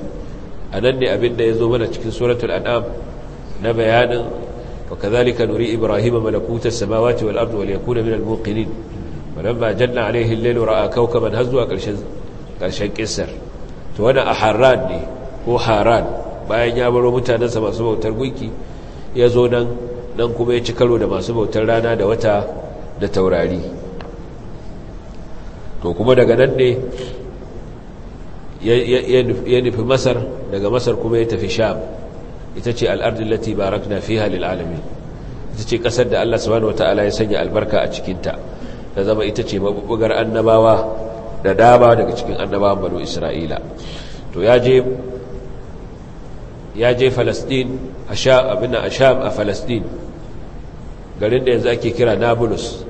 a nan ne abin da ya zo mana cikin suratul an'am na bayanin وكذلك نري إبراهيم ملكوت السماوات والأرض وليكون من الموقنين ولما جن عليه الليل رأى كوكبا هزوا ƙisar to كسر تو أنا ne. ko haran bayan ya baro mutanensa masu bautar gunki ya zo nan nan kuma ya ci karo da masu bautar rana da wata da taurari to kuma daga nan ne ya nufi masar daga masar kuma ya tafi sham ita ce al'adun lati barak na fi halil alamin ita ce kasar da allah subhanahu wata'ala ya sanya albarka a cikinta ta zama ita ce mabubugar annabawa da dama daga cikin annabawan bano isra'ila to ya je ya je falastin a sham abin a sham a falastin garin da yanzu ake kira nabulus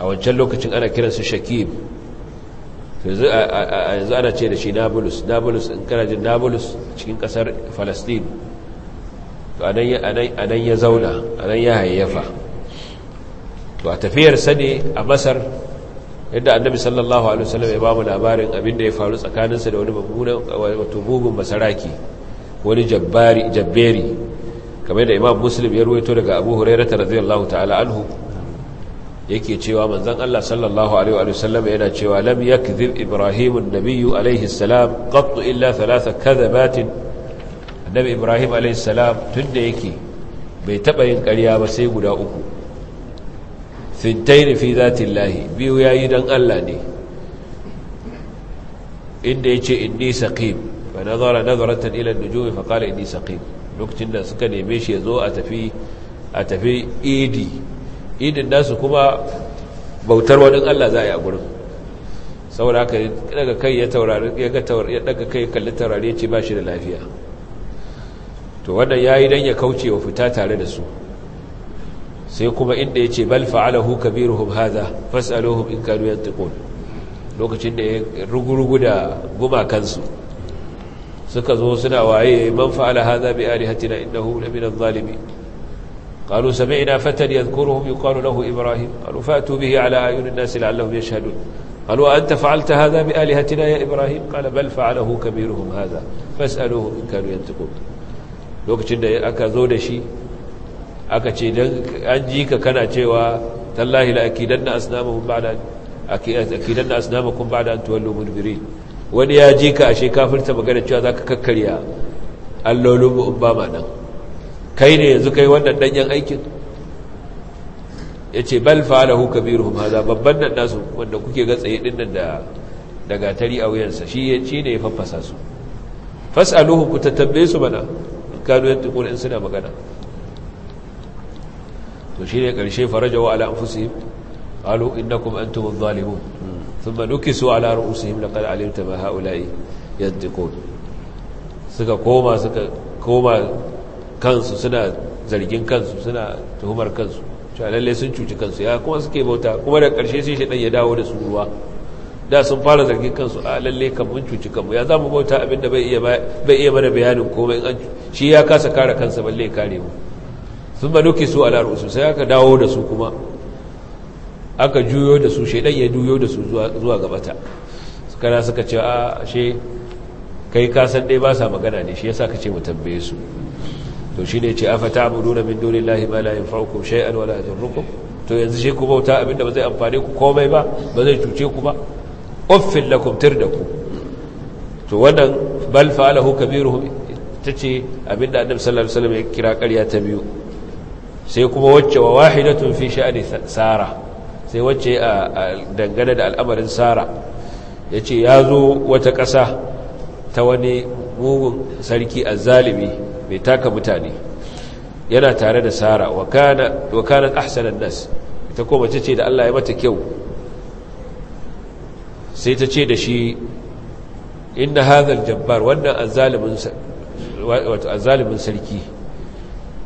a wancan lokacin ana kiran kiransu shakib yanzu ana ce da shi nablus nablus in kana jin nablus cikin kasar falastin to anan ya zauna anan ya hayayyafa to a tafiyarsa ne a masar yadda annabi sallallahu alaihi wasallam ya bamu labarin abin da ya faru tsakaninsa da wani wato bugun masaraki. wani jabbari jabberi kamar da imam muslim ya ruwaito daga abu hurairata radiyallahu ta'ala anhu yake cewa manzon Allah sallallahu alaihi wa sallam yana cewa lam yakzib ibrahim an-nabiyyu alaihi salam qat illa thalatha kadhabatin annabi ibrahim alaihi salam tunda yake bai taba yin ƙarya ba sai guda uku fintaini fi zatillahi biyu yayi dan Allah ne inda yace inni saqim fa nazara nazaratan ila an-nujumi fa lokacin da suka neme shi yazo a a tafi idi idin nasu kuma bautar wani Allah za a yi a saboda haka daga kai ya ga taurari kalli taurari ya ce ba shi da lafiya to wannan yayi dan ya kauce wa fita tare da su sai kuma inda ya ce bal fa'alahu kabiruhum hadha fas'aluhum in lokacin da ya rugurugu da gumakansu suka zo suna waye man fa'ala hadha bi alihatina innahu la min adh-dhalimin قالوا سمعنا فتى يذكرهم يقال له إبراهيم قالوا فأتوا به an أعين الناس لعلهم يشهدون قالوا أنت فعلت هذا بآلهتنا يا إبراهيم قال بل فعله كبيرهم هذا فاسألوه إن كانوا ينتقون lokacin da aka zo da shi aka ce an ji ka kana cewa tallahi la akidanna ba'da akidanna asnamakum ba'da an mudbirin wani ya ji ka ashe kafirta magana cewa za ka kakkarya allolin mu'umma ma nan kai ne yanzu kai wannan danyen aikin ya ce bal fa'alahu kabiruhum haza babban nan nasu wanda kuke ga tsaye din nan da daga tari a wuyansa shi ya ci ne ya faffasa su fas'aluhu ku tattabbe su mana kanu yadda kuma in suna magana to shi ne ƙarshe farajawa ala anfusihim qalu kuma antum adh-dhalimun su nukisu ala ru'usihim laqad alimta ma haula'i yantiqun suka koma suka koma kansu suna zargin kansu suna tuhumar kansu cewa lalle sun cuci kansu ya kuma suke bauta kuma da ƙarshe sai ɗan ya dawo da su ruwa da sun fara zargin kansu a lalle kan mun cuci kanmu ya zamu bauta abin da bai iya mana bayanin komai an shi ya kasa kare kansa balle kare mu sun ba nuke su ala rusu sai aka dawo da su kuma aka juyo da su shaidan ya juyo da su zuwa gabata kana suka ce a ah, ashe kai san dai ba sa magana ne shi yasa kace mu tambaye su to shi ne ce afa ta'buduna min dunillahi ma la yanfa'ukum shay'an wa la yadurrukum to yanzu shi ku bauta abinda ba zai amfane ku komai ba ba zai cuce ku ba uffil lakum tirdaku to wannan bal fa'alahu kabiruhum tace abinda annabi sallallahu alaihi wasallam ya kira ƙarya ta biyu sai kuma wacce wa wahidatun fi sha'ani sara sai wacce a dangane da al'amarin sara ya ce ya zo wata ƙasa ta wani mugun sarki a zalimi mai taka mutane yana tare da sara kana ahsanan nas ta koma mace ce da allah ya mata kyau sai ta ce da shi inna hazal jabbar wannan azzalimin sarki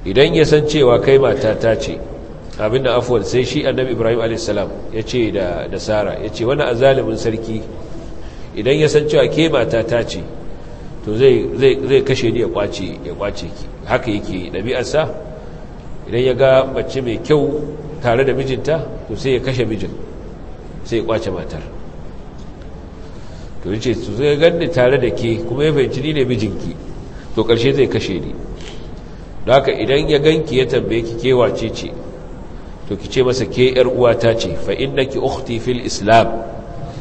idan ya san cewa kai matata ce abin da afuwar sai shi annabi ibrahim a.s. ya ce da sara ya ce wani azalimin sarki idan ya san cewa ke mata ta ce to zai kashe ni ya kwace ki haka yake ɗabi'arsa idan ya ga mace mai kyau tare da mijinta to sai ya kashe mijin sai ya kwace matar to yace su zai ganni tare da ke kuma ya fahimci ni ne mijinki to ƙarshe zai kashe ni don haka idan ya ganki ya tambaye ki kewace ce to ki ce masa ke yar uwata ce fa innaki ukhti fil islam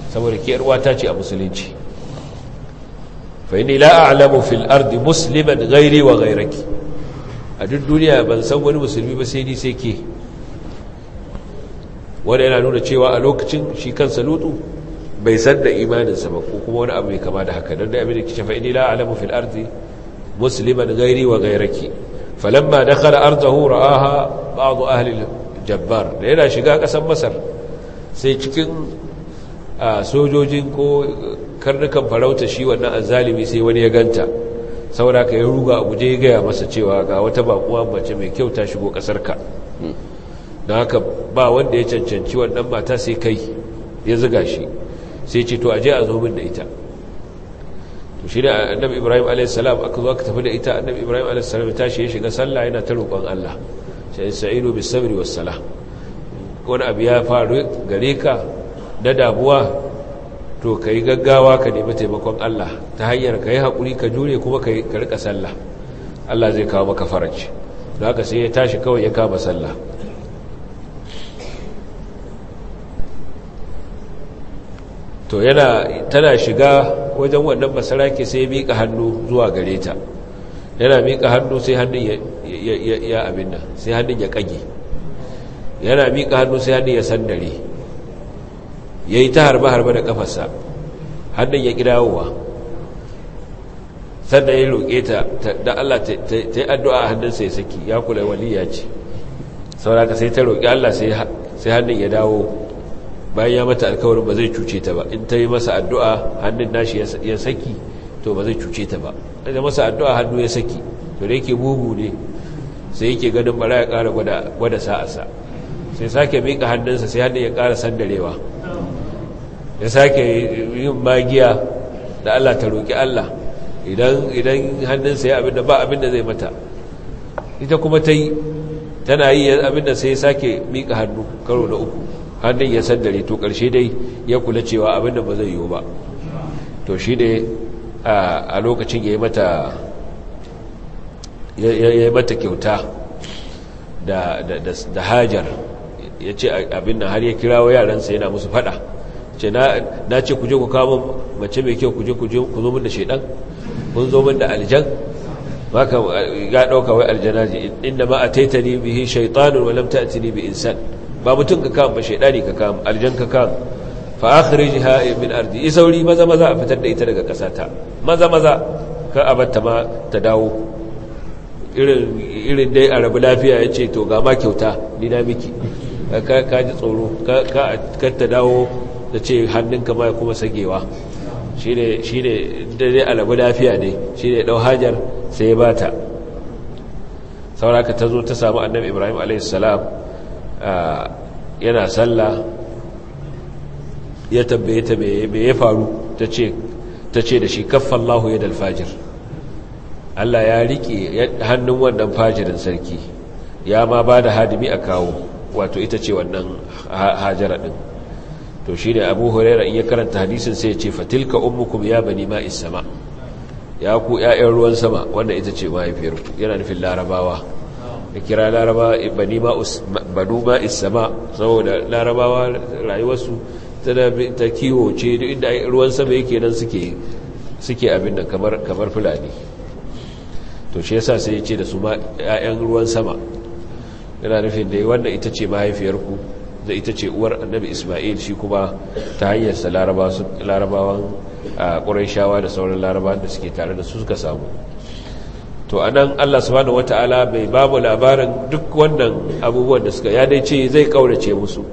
saboda ke yar uwata ce a musulunci fa inni la a'lamu fil ardi musliman ghairi wa ghairaki a duk duniya ban san wani musulmi ba sai ni sai ke wanda yana nuna cewa a lokacin shi kansa lutu bai san da imaninsa ba ko kuma wani abu mai kama da haka don da abin da kice fa inni la a'lamu fil ardi musliman ghairi wa ghairaki falamma dakhala ardahu ra'aha ba'd ahli jabbar da yana shiga kasar masar sai cikin sojojin ko karnukan farauta shi wannan zalimi sai wani ya ganta saboda ka yi ruga a guje ya gaya masa cewa ga wata bakuwa mace mai kyau ta shigo kasar ka don haka ba wanda ya cancanci wannan mata sai kai ya ziga shi sai ce to aje a zo min da ita to shi a annabi ibrahim alaihissalam aka zo aka tafi da ita annabi ibrahim alaihissalam ta shi ya shiga sallah yana ta roƙon allah sa'inu bi sabri was salah wani abu ya faru gare ka da damuwa to kai gaggawa ka nemi taimakon Allah ta hanyar kai hakuri ka jure kuma kai ka riƙa sallah Allah zai kawo maka faraji don haka sai ya tashi kawai ya kama sallah to yana tana shiga wajen wannan masaraki sai ya miƙa hannu zuwa gare ta yana miƙa hannu sai hannun ya. ya abin nan sai hannun ya kage yana miƙa hannu sai hannun ya sandare ya yi ta harba-harba da kafarsa hannun ya ƙidawowa sannan ya roƙe ta da Allah ta yi addu'a a hannunsa ya saki ya kula ya ce sauraka sai ta roƙe Allah sai hannun ya dawo bayan ya mata alkawarin ba zai cuce ta ba in ta yi masa addu'a hannun nashi ya saki to ba zai cuce ta ba ta yi masa addu'a hannu ya saki to da yake bugu ne sai yake ganin bara ya ƙara gwada sa'asa sai sake miƙa hannunsa sai hannun ya ƙara sandarewa ya sake yin magiya da Allah ta roƙi Allah idan hannunsa ya abinda ba abinda zai mata ita kuma ta yi tana yi abinda sai ya sake miƙa hannu karo na uku hannun ya sandare to ƙarshe dai ya kula cewa abinda ba zai yi ba to shi ne a lokacin ya yi mata ya yi mata kyauta da hajar ya ce abin nan har ya kirawo yaransa yana musu fada ce na ce kuje ku kama mace mai kyau kuje kuje ku zo min da shaidan kun zo min da aljan maka ya dauka wai aljana ce inda ma ataitani bihi shaytanun wa lam ta'tini bi insan ba mutun ka kawo ba shaidani ka kawo aljan ka kawo fa akhrijha min ardi isauri maza maza a fitar da ita daga kasata maza maza ka abatta ma ta dawo irin dai a rabu lafiya ya ce to gama kyauta ni miki ka ji tsoro ka ta dawo da ce hannunka ma kuma sagewa shi ne dai a rabu lafiya ne shi ne ɗau hajar sai ya bata sauraka ta zo ta samu annabi ibrahim a.s. yana sallah ya tambaye ta me ya faru ta ce da shi kaffallahu ya dalfajir Allah ya rike hannun wannan fajirin sarki ya ma ba da hadimi a kawo wato ita ce wannan hajjara ɗin to shi ne abu huraira in ya karanta hadisin sai ya ce fatilka umukum ya bani ma isama ya ku ƴaƴan ruwan sama wanda ita ce mahaifiyar yana nufin larabawa da kira larabawa bani ma isama saboda larabawa rayuwarsu ta kiwo ce duk inda ruwan sama yake nan suke abin da kamar fulani to shi yasa sai ya ce da su ma ‘ya'yan ruwan sama yana nufin da wanda ita ce mahaifiyarku da ita ce uwar annabi ismail shi kuma ta hanyarsa larabawan a ƙurai shawa da sauran larabawan da suke tare da su suka samu to a nan allah subhanahu wata'ala bai ba mu labarin duk wannan abubuwan da suka ya dai ce zai ƙaurace musu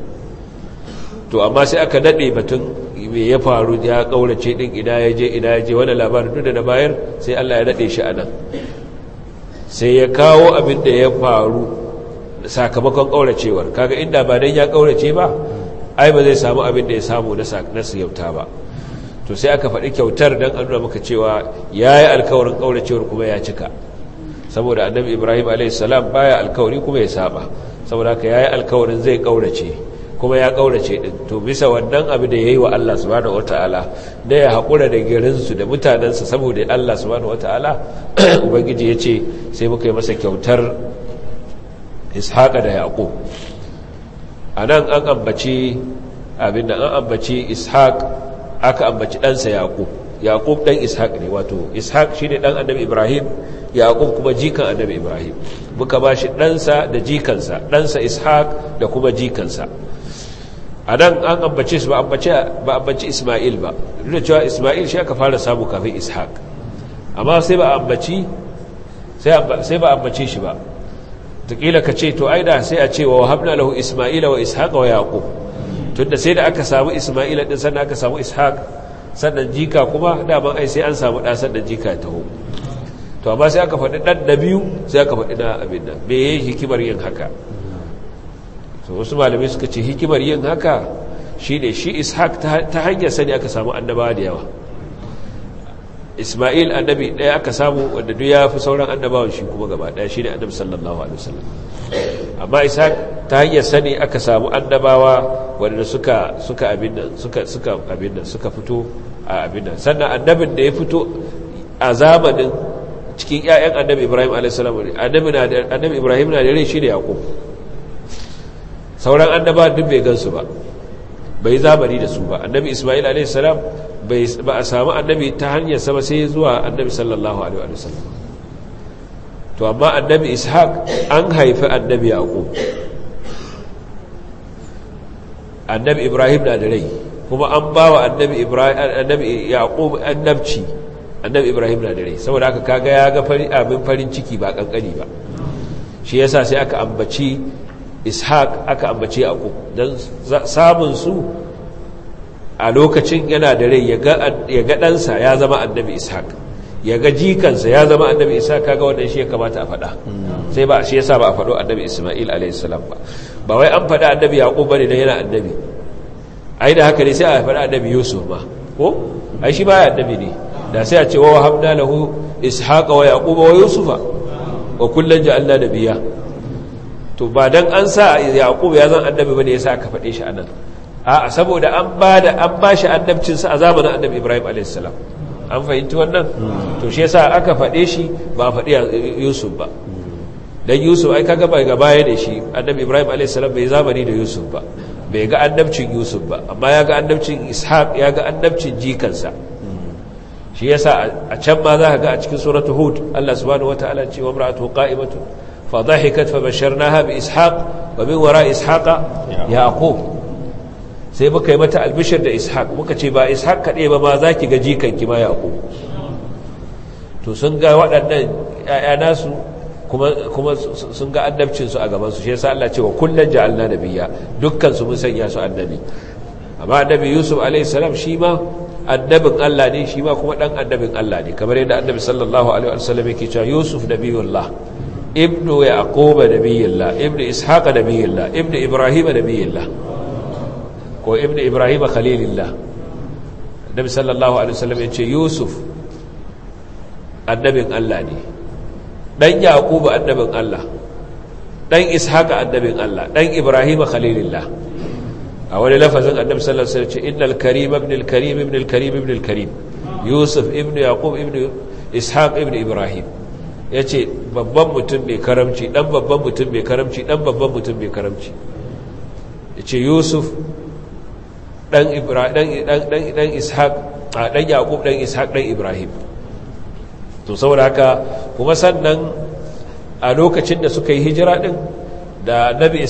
to amma sai aka daɗe batun me ya faru ya ƙaurace ɗin ina ya je ina ya je wani labarin duk da na bayar sai allah ya daɗe shi a nan sai ya kawo abin da ya faru sakamakon ƙauracewar kaga inda ba dan ya ƙaurace ba ai ba zai samu abin da ya samu na siyauta ba to sai aka faɗi kyautar don an nuna maka cewa ya yi alkawarin ƙauracewar kuma ya cika saboda annabi ibrahim a.s. baya alkawari kuma ya saba saboda haka ya yi alkawarin zai ƙaurace kuma ya kaurace din to bisa wannan abu da ya yi wa Allah subhanahu wataala da ya hakura da girin su da mutanansa saboda Allah subhanahu wataala ubangiji yace sai muka yi masa kyautar ishaqa da yaqub anan an ambaci abin da an ambaci ishaq aka ambaci ɗansa yaqub yaqub ɗan ishaq ne wato ishaq shine ɗan annabi ibrahim yaqub kuma jikan annabi ibrahim muka ba shi ɗansa da jikansa ɗansa ishaq da kuma jikansa a nan an ambace su ba ambace ismail ba duk da cewa ismail shi aka fara samu kafin ishaq amma sai ba ambaci sai ba ambace shi ba taƙila ka ce to aida sai a ce wa wahabna lahu ismaila wa ishaq wa yaqub tunda sai da aka samu ismaila din sannan aka samu ishaq sannan jika kuma daman ai sai an samu ɗa sannan jika taho to amma sai aka faɗi ɗan na biyu sai aka faɗi na abin nan me yayin hikimar yin haka to wasu malamai suka ce hikimar yin haka shi ne shi ishaq ta hanyar sani aka samu annabawa da yawa isma'il annabi ɗaya aka samu wanda duk ya fi sauran annabawan shi kuma gaba ɗaya shi ne annabi sallallahu alaihi wasallam amma ishaq ta hanyar sani aka samu annabawa wanda suka suka abin nan suka suka abin nan suka fito a abin nan sannan annabin da ya fito a zamanin cikin ƴaƴan annabi ibrahim alaihi salam annabi ibrahim na da rai shi ne yaqub sauran annaba duk bai gansu ba bai zamani da su ba annabi isma'il bai ba a samu annabi ta hanyar sama sai zuwa annabi sallallahu alaihi wasallam to amma annabi ishaq an haifi annabi yaqub annabi ibrahim na da rai kuma an ba wa annabi yaqub annabci annabi ibrahim na da rai saboda haka kaga ya ga abin farin ciki ba kankani ba shi yasa sai aka ambaci ishaq aka ambace a uku don samun su a lokacin yana da rai ya ga ɗansa ya zama annabi ishaq ya ga jikansa ya zama annabi ishaq kaga wannan shi ya kamata a faɗa sai ba shi sa ba a faɗo annabi isma'il a.s. ba wai an faɗa annabi ba ne don yana annabi ai da haka ne sai a faɗa annabi yusuf ma ko ai shi ba baya annabi ne da sai a ce wa habna lahu ishaqa wa yaquba wa yusufa wa allah da biya. to ba dan an sa yaqub ya zan annabi bane yasa aka fade shi anan a'a saboda an ba da an ba shi annabcin sa a zamanin annabi ibrahim a.s. an fahimci wannan hmm. to shi yasa aka fade shi ba a fade yusuf ba dan yusuf ai kaga bai ga baya da shi annabi ibrahim a.s. bai zamani da yusuf ba bai ga annabcin yusuf ba amma ya ga annabcin ishaq ya ga annabcin jikansa shi yasa a can ma za ka ga a cikin suratul hud Allah subhanahu wataala ce wa imra'atu qa'imatu فضحكت فبشرناها بإسحاق ومن وراء إسحاق يعقوب sai muka yi mata albishir da ishaq muka ce ba ishaq kaɗai ba ma za ki ga jikanki ma yaƙo to sun ga waɗannan ‘ya'ya kuma sun ga annabcinsu a gabansu shi yasa Allah ce cewa kullum ja'alna nabiya dukkansu mun sanya su annabi amma annabi yusuf alaihissalam shi ma annabin Allah ne shi ma kuma dan annabin Allah ne kamar yadda annabi sallallahu alaihi wasallam yake cewa yusuf nabiyullah ibnu yaquba nabiyillah ibnu ishaqa nabiyillah ibnu ibrahima nabiyillah ko ibnu ibrahima khalilillah nabi sallallahu alaihi wasallam ya ce yusuf annabin Allah ne dan yaquba annabin Allah dan ishaqa annabin Allah dan ibrahima khalilillah a wani lafazin annabi sallallahu alaihi wasallam ce innal karim ibn al karim ibn al karim ibn al karim yusuf Ibnu yaqub ibn ishaq ibn ibrahim ya ce babban mutum mai karamci ɗan babban mutum mai karamci ɗan babban mutum mai karamci ya ce yusuf ɗan ishaq ɗan yaƙub ɗan ishaq ɗan ibrahim to saboda haka kuma sannan a lokacin da suka yi hijira ɗin da nabi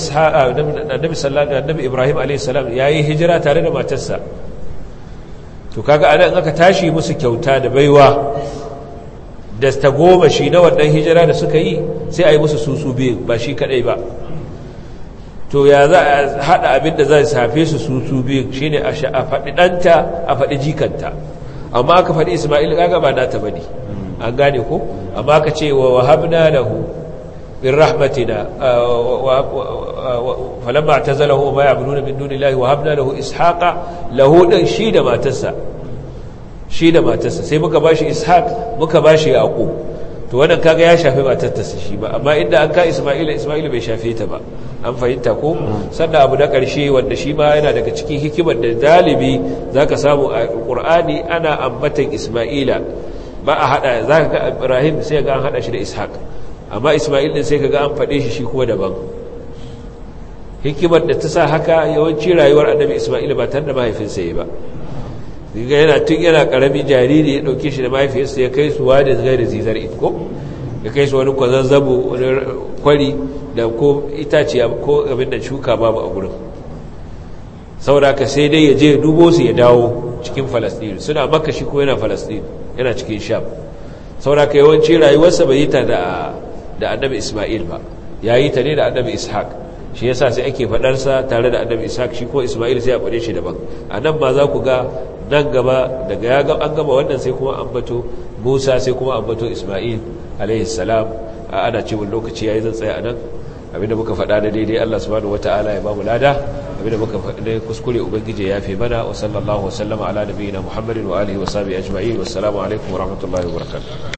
nabi ibrahim a.s. ya yi hijira tare da matarsa to kaga anan aka tashi musu kyauta da baiwa da ta goma shi na wannan hijira da suka yi sai a yi musu susu biyu ba shi kadai ba to ya za a haɗa abin da zai safe su susu biyu shi ne a faɗi ɗanta a faɗi jikanta amma aka faɗi ismail kaga ba na ba ne an gane ko amma aka ce wa wahabna lahu min rahmatina falamma tazalahu ma ya'buduna min dunillahi wahabna lahu ishaqa lahu dan shi da matarsa shi da matarsa sai muka bashi ishaq muka shi yaqub to wannan kaga ya shafi matarsa shi ba amma inda an ka isma'ila isma'ila bai shafe ta ba an fahimta ko sannan abu na karshe wanda shi ma yana daga cikin hikimar da dalibi zaka samu a qur'ani ana ambatan isma'ila ba a hada zaka ga ibrahim sai ga an hada shi da ishaq amma isma'il din sai kaga an fade shi shi kuma daban hikimar da ta sa haka yawanci rayuwar annabi isma'il ba tare da mahaifinsa yi ba ga yana tun yana karami jariri ya dauke shi da mafiyarsa ya kai su wadin zai da zizar ko ya kai su wani wani kwari da ko itace ko abin da shuka babu a gurin sauraka sai dai ya je dubo su ya dawo cikin falastini suna maka shi ko yana falastini yana cikin sham sauraka ka yawanci rayuwarsa bai yi ta da annabi isma'il ba ya yi ta ne da annabi ishaq shi yasa sai ake fadarsa tare da annabi isa shi ko isma'il sai a faɗe shi daban a nan ma za ku ga nan gaba daga ya ga an gama wannan sai kuma ambato musa sai kuma ambato isma'il alaihi salam a ana cewa lokaci yayi zan tsaya a nan abinda muka faɗa da daidai Allah subhanahu wataala ya ba mu lada abinda muka faɗa kuskure ubangije ya fi mana wa sallallahu wa sallama ala nabiyina muhammadin wa alihi wa sahbihi ajma'in wassalamu alaikum wa rahmatullahi wa barakatuh